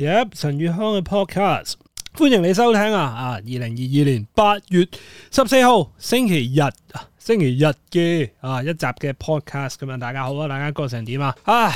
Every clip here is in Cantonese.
yep 陳宇香嘅 podcast，歡迎你收聽啊！啊，二零二二年八月十四號星期日，星期日嘅啊一集嘅 podcast 咁樣，大家好啊，大家過成點啊？唉，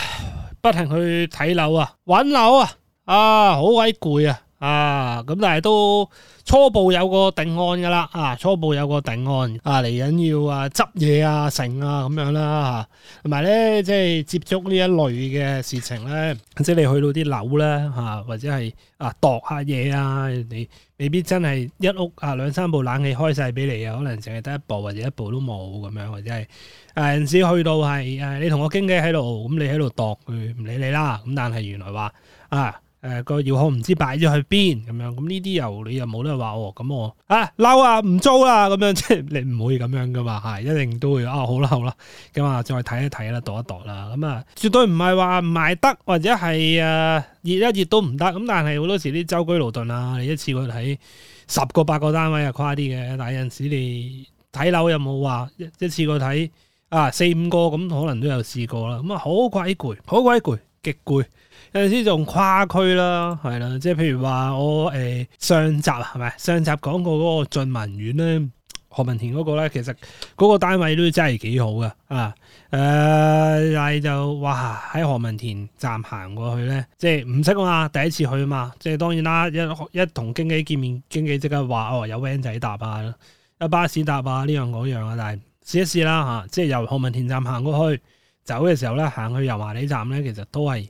不停去睇樓啊，搵樓啊，啊，好鬼攰啊！啊，咁但係都初步有個定案噶啦，啊，初步有個定案，啊嚟緊要啊執嘢啊成啊咁樣啦，同埋咧即係接觸呢一類嘅事情咧，即係你去到啲樓咧吓、啊，或者係啊度下嘢啊，你未必真係一屋啊兩三部冷氣開晒俾你啊，可能淨係得一部或者一部都冇咁樣，或者係啊有陣時去到係、啊、你同我經紀喺度，咁你喺度度佢唔理你啦，咁但係原來話啊。個要項唔知擺咗去邊咁樣，咁呢啲又你又冇得話喎，咁我啊嬲啊，唔租啦咁樣，即係你唔會咁樣噶嘛，係一定都會啊好啦好啦，咁啊再睇一睇啦，度一度啦，咁啊絕對唔係話唔賣得或者係啊熱一熱都唔得，咁但係好多時啲舟車勞頓啊，你一次過睇十個八個單位啊，誇啲嘅，但係有陣時你睇樓又冇話一一次過睇啊四五個咁可能都有試過啦，咁啊好鬼攰，好鬼攰。極攰，有陣時仲跨區啦，係啦，即係譬如話我誒上集係咪？上集講過嗰個俊文苑咧，何文田嗰個咧，其實嗰個單位都真係幾好㗎，啊誒、呃，但係就哇喺何文田站行過去咧，即係唔識啊嘛，第一次去啊嘛，即係當然啦，一一同經紀見面，經紀即刻話、哦、有 van 仔搭啊，有巴士搭啊，呢樣嗰樣啊，但係試一試啦吓，即係由何文田站行過去。走嘅時候咧，行去油麻地站咧，其實都係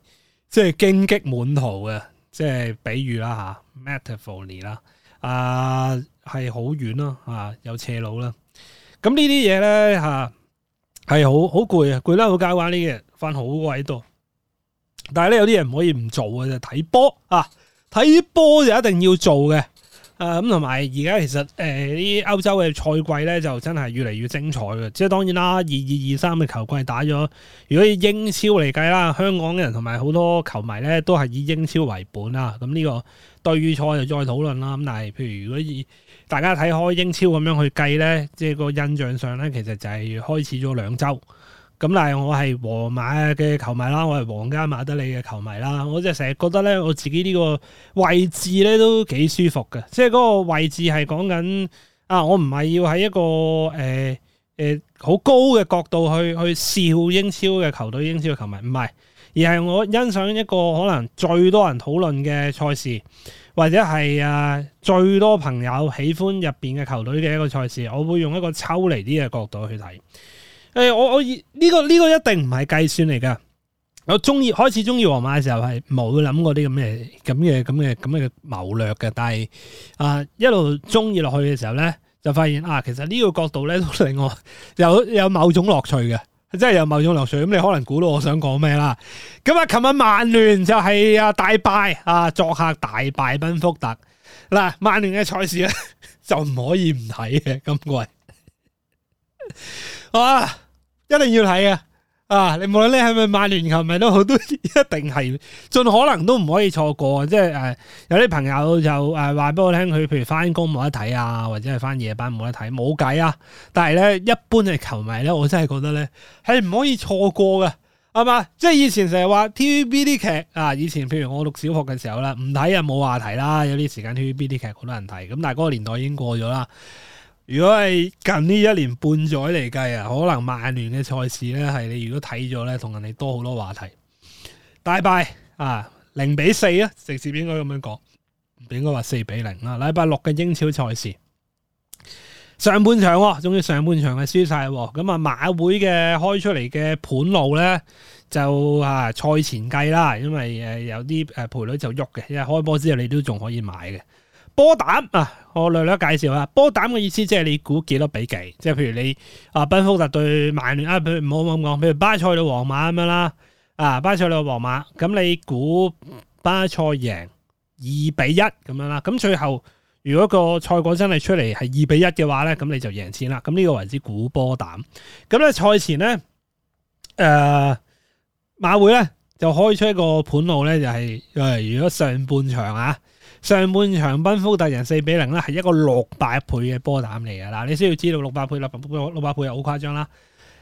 即係荊棘滿途嘅，即係比喻啦吓，metaphorly 啦，啊係好遠咯吓，有斜路啦，咁呢啲嘢咧吓，係好好攰啊，攰得好街玩呢嘢瞓好位度，但係咧有啲嘢唔可以唔做嘅就睇波啊，睇波就一定要做嘅。誒、啊，咁同埋而家其實誒，啲、呃、歐洲嘅賽季咧就真係越嚟越精彩嘅。即係當然啦，二二二三嘅球季打咗。如果以英超嚟計啦，香港嘅人同埋好多球迷咧，都係以英超為本、啊、啦。咁呢個對賽就再討論啦。咁但係，譬如如果以大家睇開英超咁樣去計咧，即係個印象上咧，其實就係開始咗兩周。咁但係，我係皇馬嘅球迷啦，我係皇家馬德里嘅球迷啦，我即係成日覺得咧，我自己呢個位置咧都幾舒服嘅，即係嗰個位置係講緊啊，我唔係要喺一個誒誒好高嘅角度去去笑英超嘅球隊、英超嘅球迷，唔係，而係我欣賞一個可能最多人討論嘅賽事，或者係誒最多朋友喜歡入邊嘅球隊嘅一個賽事，我會用一個抽離啲嘅角度去睇。誒、哎，我我呢、這個呢、這個一定唔係計算嚟噶。我中意開始中意皇馬嘅時候係冇諗過啲咁嘅咁嘅咁嘅咁嘅謀略嘅，但係啊一路中意落去嘅時候咧，就發現啊其實呢個角度咧都令我有有某種樂趣嘅，即係有某種樂趣。咁你可能估到我想講咩啦？咁啊，琴日曼聯就係啊大敗啊作客大敗賓福特。嗱、啊，曼聯嘅賽事咧 就唔可以唔睇嘅今季啊！一定要睇啊！啊，你無論你係咪曼聯球迷都好，都一定係盡可能都唔可以錯過，即係誒、呃，有啲朋友就誒話俾我聽，佢譬如翻工冇得睇啊，或者係翻夜班冇得睇，冇計啊！但係咧，一般嘅球迷咧，我真係覺得咧係唔可以錯過㗎，係嘛？即係以前成日話 TVB 啲劇啊，以前譬如我讀小學嘅時候啦，唔睇啊冇話題啦，有啲時間 TVB 啲劇好多人睇，咁但係嗰個年代已經過咗啦。如果係近呢一年半載嚟計啊，可能曼聯嘅賽事咧係你如果睇咗咧，同人哋多好多話題大拜。大敗啊，零比四啊，直接應該咁樣講，唔應該話四比零啦。禮拜六嘅英超賽事，上半場終於上半場係輸晒，咁啊馬會嘅開出嚟嘅盤路咧就啊賽前計啦，因為誒有啲誒賠率就喐嘅，因一開波之後你都仲可以買嘅波膽啊。我略略介紹啦，波膽嘅意思即係你估幾多比幾，即係譬如你啊，賓福特對曼聯啊，譬如唔好咁講，譬如巴塞對皇馬咁樣啦，啊，巴塞對皇馬，咁你估巴塞贏二比一咁樣啦，咁最後如果個賽果真係出嚟係二比一嘅話咧，咁你就贏錢啦，咁呢個為之估波膽。咁咧賽前咧，誒、呃，馬會咧就開出一個盤路咧，就係誒，如果上半場啊。上半場賓福特人四比零啦，係一個六百倍嘅波膽嚟嘅啦。你需要知道六百倍啦，六百倍又好誇張啦。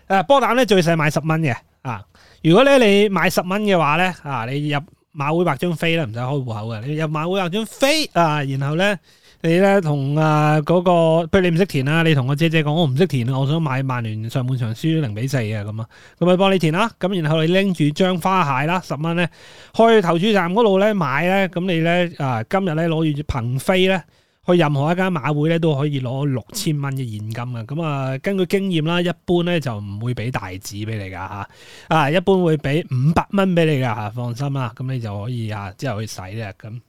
誒，波膽咧最細買十蚊嘅啊。如果咧你買十蚊嘅話咧啊，你入馬會百張飛咧，唔使開戶口嘅。你入馬會百張飛啊，然後咧。你咧同啊嗰、嗰個，不如你唔識填啊，你同個姐姐講，我唔識填啊，我想買曼聯上半場輸零比四啊，咁啊，咁咪幫你填啦。咁然後你拎住張花蟹啦，十蚊咧，去投注站嗰度咧買咧，咁你咧啊今日咧攞住憑飛咧，去任何一間馬會咧都可以攞六千蚊嘅現金啊。咁啊，根據經驗啦，一般咧就唔會俾大紙俾你噶吓，啊一般會俾五百蚊俾你噶，放心啦、啊、咁你就可以啊之後去使啊咁。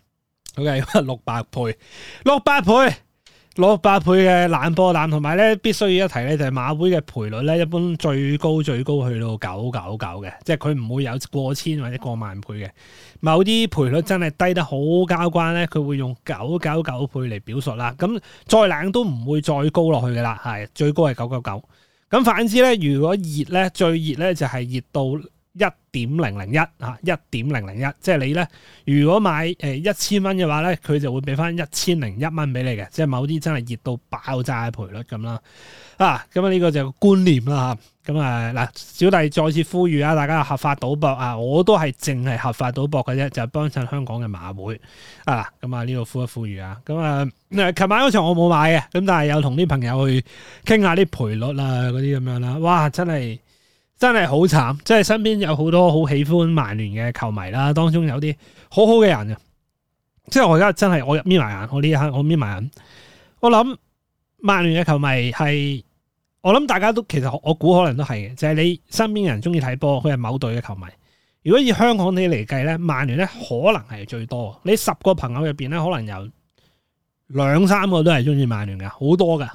好六百倍，六百倍，六百倍嘅冷波浪，同埋咧，必須要一提咧，就係馬會嘅賠率咧，一般最高最高去到九九九嘅，即係佢唔會有過千或者過萬倍嘅。某啲賠率真係低得好交關咧，佢會用九九九倍嚟表述啦。咁再冷都唔會再高落去噶啦，係最高係九九九。咁反之咧，如果熱咧，最熱咧就係熱到。一點零零一啊，一點零零一，即係你咧，如果買誒一千蚊嘅話咧，佢就會俾翻一千零一蚊俾你嘅，即係某啲真係熱到爆炸嘅賠率咁啦。啊，咁啊呢個就係觀念啦嚇，咁啊嗱、啊，小弟再次呼籲啊，大家合法賭博啊，我都係淨係合法賭博嘅啫，就係幫襯香港嘅馬會啊。咁啊呢度、啊、呼一呼籲啊，咁啊琴、啊啊、晚嗰場我冇買嘅，咁但係有同啲朋友去傾下啲賠率啊嗰啲咁樣啦、啊，哇，真係～真係好慘，即係身邊有好多好喜歡曼聯嘅球迷啦，當中有啲好好嘅人啊！即係我而家真係我眯埋眼，我呢一刻我眯埋眼，我諗曼聯嘅球迷係我諗大家都其實我估可能都係嘅，就係你身邊人中意睇波，佢係某隊嘅球迷。如果以香港你嚟計呢，曼聯呢可能係最多，你十個朋友入邊呢，可能有兩三個都係中意曼聯㗎，好多噶。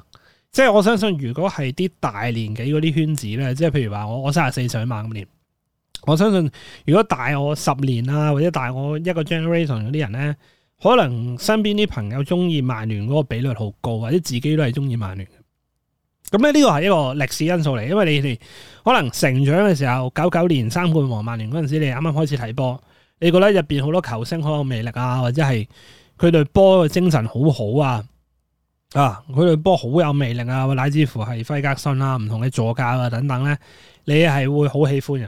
即係我相信，如果係啲大年紀嗰啲圈子咧，即係譬如話我我三十四歲喺曼年，我相信如果大我十年啦，或者大我一個 generation 嗰啲人咧，可能身邊啲朋友中意曼聯嗰個比率好高，或者自己都係中意曼聯。咁咧，呢個係一個歷史因素嚟，因為你哋可能成長嘅時候九九年三冠王曼聯嗰陣時，你啱啱開始睇波，你覺得入邊好多球星好有魅力啊，或者係佢對波嘅精神好好啊。啊！佢隊波好有魅力啊，乃至乎係費格遜啦、唔同嘅助教啊等等咧，你係會好喜歡嘅。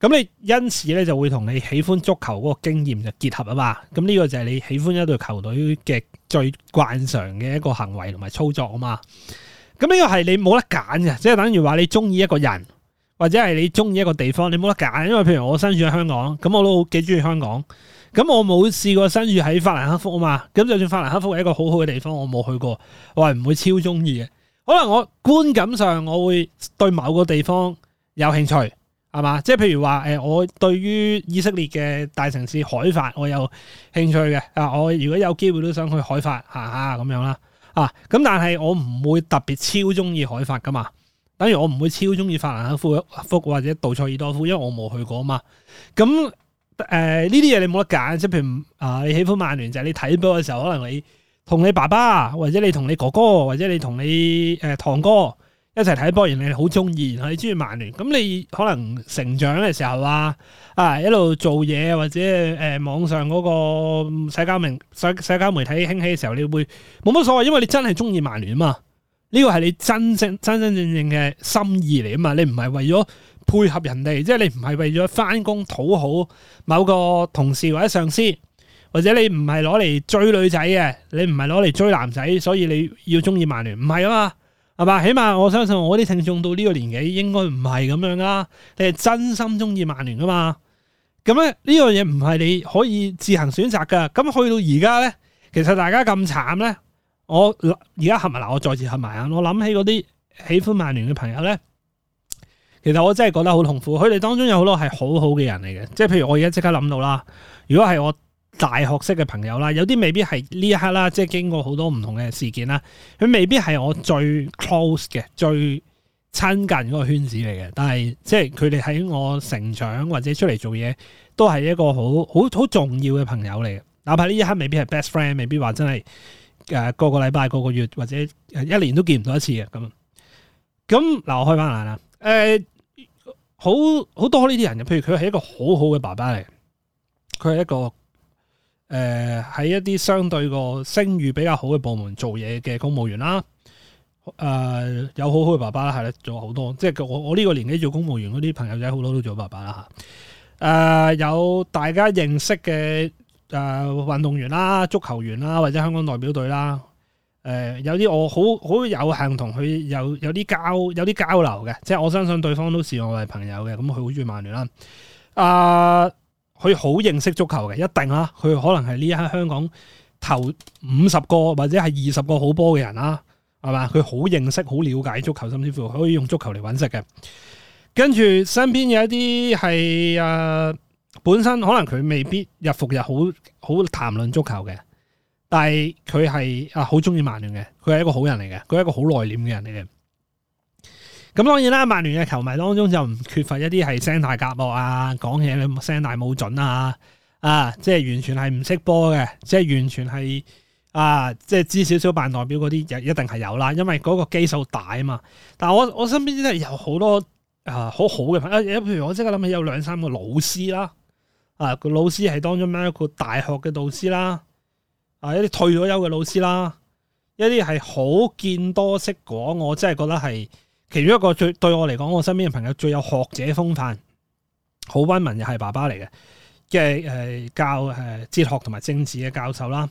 咁你因此咧就會同你喜歡足球嗰個經驗就結合啊嘛。咁呢個就係你喜歡一隊球隊嘅最慣常嘅一個行為同埋操作啊嘛。咁呢個係你冇得揀嘅，即係等於話你中意一個人或者係你中意一個地方，你冇得揀。因為譬如我身處喺香港，咁我都好幾中意香港。咁我冇試過身處喺法蘭克福啊嘛，咁就算法蘭克福係一個好好嘅地方，我冇去過，我係唔會超中意嘅。可能我觀感上我會對某個地方有興趣，係嘛？即係譬如話，誒，我對於以色列嘅大城市海法，我有興趣嘅。啊，我如果有機會都想去海法行下咁樣啦，啊，咁、啊、但係我唔會特別超中意海法噶嘛。等於我唔會超中意法蘭克福，或者杜塞爾多夫，因為我冇去過啊嘛。咁。誒、呃，呢啲嘢你冇得揀，即係譬如啊、呃，你喜歡曼聯就係、是、你睇波嘅時候，可能你同你爸爸，或者你同你哥哥，或者你同你誒、呃、堂哥一齊睇波，然你好中意，然後你中意曼聯。咁你可能成長嘅時候啊，啊一路做嘢或者誒、呃、網上嗰個社交媒社社交媒體興起嘅時候，你會冇乜所謂，因為你真係中意曼聯嘛。呢個係你真正真真正正嘅心意嚟啊嘛，你唔係為咗。配合人哋，即係你唔係為咗翻工，討好某個同事或者上司，或者你唔係攞嚟追女仔嘅，你唔係攞嚟追男仔，所以你要中意曼聯，唔係啊嘛，係嘛？起碼我相信我啲聽眾到呢個年紀應該唔係咁樣啊，你係真心中意曼聯噶嘛？咁咧，呢樣嘢唔係你可以自行選擇噶。咁去到而家呢，其實大家咁慘呢。我而家合埋嗱，我再次合埋眼，我諗起嗰啲喜歡曼聯嘅朋友呢。其實我真係覺得好痛苦，佢哋當中有好多係好好嘅人嚟嘅，即係譬如我而家即刻諗到啦，如果係我大學識嘅朋友啦，有啲未必係呢一刻啦，即係經過好多唔同嘅事件啦，佢未必係我最 close 嘅，最親近嗰個圈子嚟嘅，但係即係佢哋喺我成長或者出嚟做嘢，都係一個好好好重要嘅朋友嚟嘅，哪怕呢一刻未必係 best friend，未必話真係誒、呃、個個禮拜、個個月或者一年都見唔到一次嘅咁。咁嗱，我開翻眼啦，誒、呃。好好多呢啲人嘅，譬如佢係一個好好嘅爸爸嚟，佢係一個誒喺、呃、一啲相對個聲譽比較好嘅部門做嘢嘅公務員啦。誒、呃，有好好嘅爸爸啦，係啦，仲有好多即係我我呢個年紀做公務員嗰啲朋友仔，好多都做爸爸啦吓。誒、呃，有大家認識嘅誒運動員啦、足球員啦，或者香港代表隊啦。誒、呃，有啲我好好有幸同佢有有啲交有啲交流嘅，即係我相信對方都視我為朋友嘅，咁佢好中意曼聯啦。啊、呃，佢好認識足球嘅，一定啦。佢可能係呢一刻香港頭五十個或者係二十個好波嘅人啦，係嘛？佢好認識、好了解足球，甚至乎可以用足球嚟揾食嘅。跟住身邊有一啲係誒，本身可能佢未必日復日好好談論足球嘅。但係佢係啊，好中意曼聯嘅，佢係一個好人嚟嘅，佢係一個好內斂嘅人嚟嘅。咁當然啦，曼聯嘅球迷當中就唔缺乏一啲係聲大夾惡啊，講嘢嘅聲大冇準啊，啊，啊，即係完全係唔識波嘅，即係完全係啊，即係知少少扮代表嗰啲，一定係有啦，因為嗰個基數大啊嘛。但係我我身邊真係有好多，啊，好好多啊好好嘅朋友，啊，譬如我即刻諗起有兩三個老師啦，啊，個老師係當中咩？一個大學嘅導師啦。啊！一啲退咗休嘅老師啦，一啲係好見多識廣，我真係覺得係其中一個最對我嚟講，我身邊嘅朋友最有學者風範。好溫文，又係爸爸嚟嘅，即係教哲學同埋政治嘅教授啦，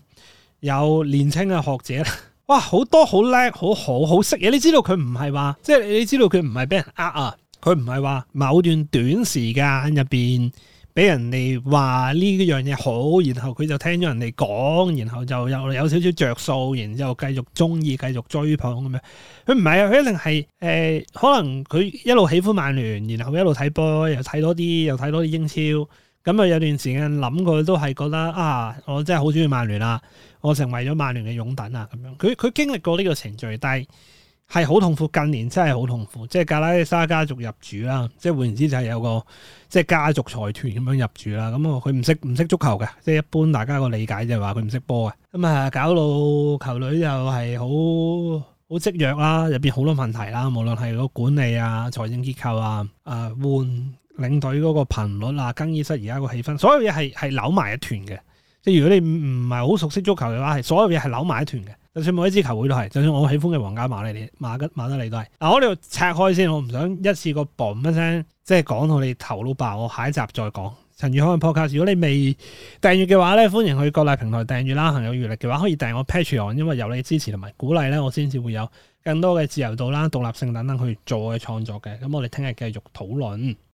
有年青嘅學者，哇！很多很好多好叻，好好好識嘢，你知道佢唔係話，即係你知道佢唔係俾人呃啊，佢唔係話某段短時間入邊。俾人哋話呢樣嘢好，然後佢就聽咗人哋講，然後就又有少少着數，然後繼續中意，繼續追捧咁樣。佢唔係啊，佢一定係、呃、可能佢一路喜歡曼聯，然後一路睇波，又睇多啲，又睇多啲英超，咁啊有段時間諗過都係覺得啊，我真係好中意曼聯啦，啊，我成為咗曼聯嘅擁躉啊咁樣。佢佢經歷過呢個程序，但係係好痛苦，近年真係好痛苦，即係格拉西沙家族入主啦，即係換言之就係有個即係家族財團咁樣入主啦，咁啊佢唔識唔識足球嘅，即係一般大家個理解就係話佢唔識波嘅，咁啊搞到球隊又係好好積弱啦，入邊好多問題啦，無論係個管理啊、財政結構啊、啊、呃、換領隊嗰個頻率啊、更衣室而家個氣氛，所有嘢係係扭埋一團嘅。如果你唔係好熟悉足球嘅話，係所有嘢係扭埋一團嘅，就算每一支球會都係，就算我喜歡嘅皇家馬利、馬吉馬德里都係。嗱，我哋拆開先，我唔想一次過嘣一聲，即係講到你頭都爆。我下一集再講。陳宇康嘅 Podcast，如果你未訂閱嘅話咧，歡迎去各大平台訂閱啦。朋友閱歷嘅話，可以訂我 Patreon，因為有你支持同埋鼓勵咧，我先至會有更多嘅自由度啦、獨立性等等去做創我嘅創作嘅。咁我哋聽日繼續討論。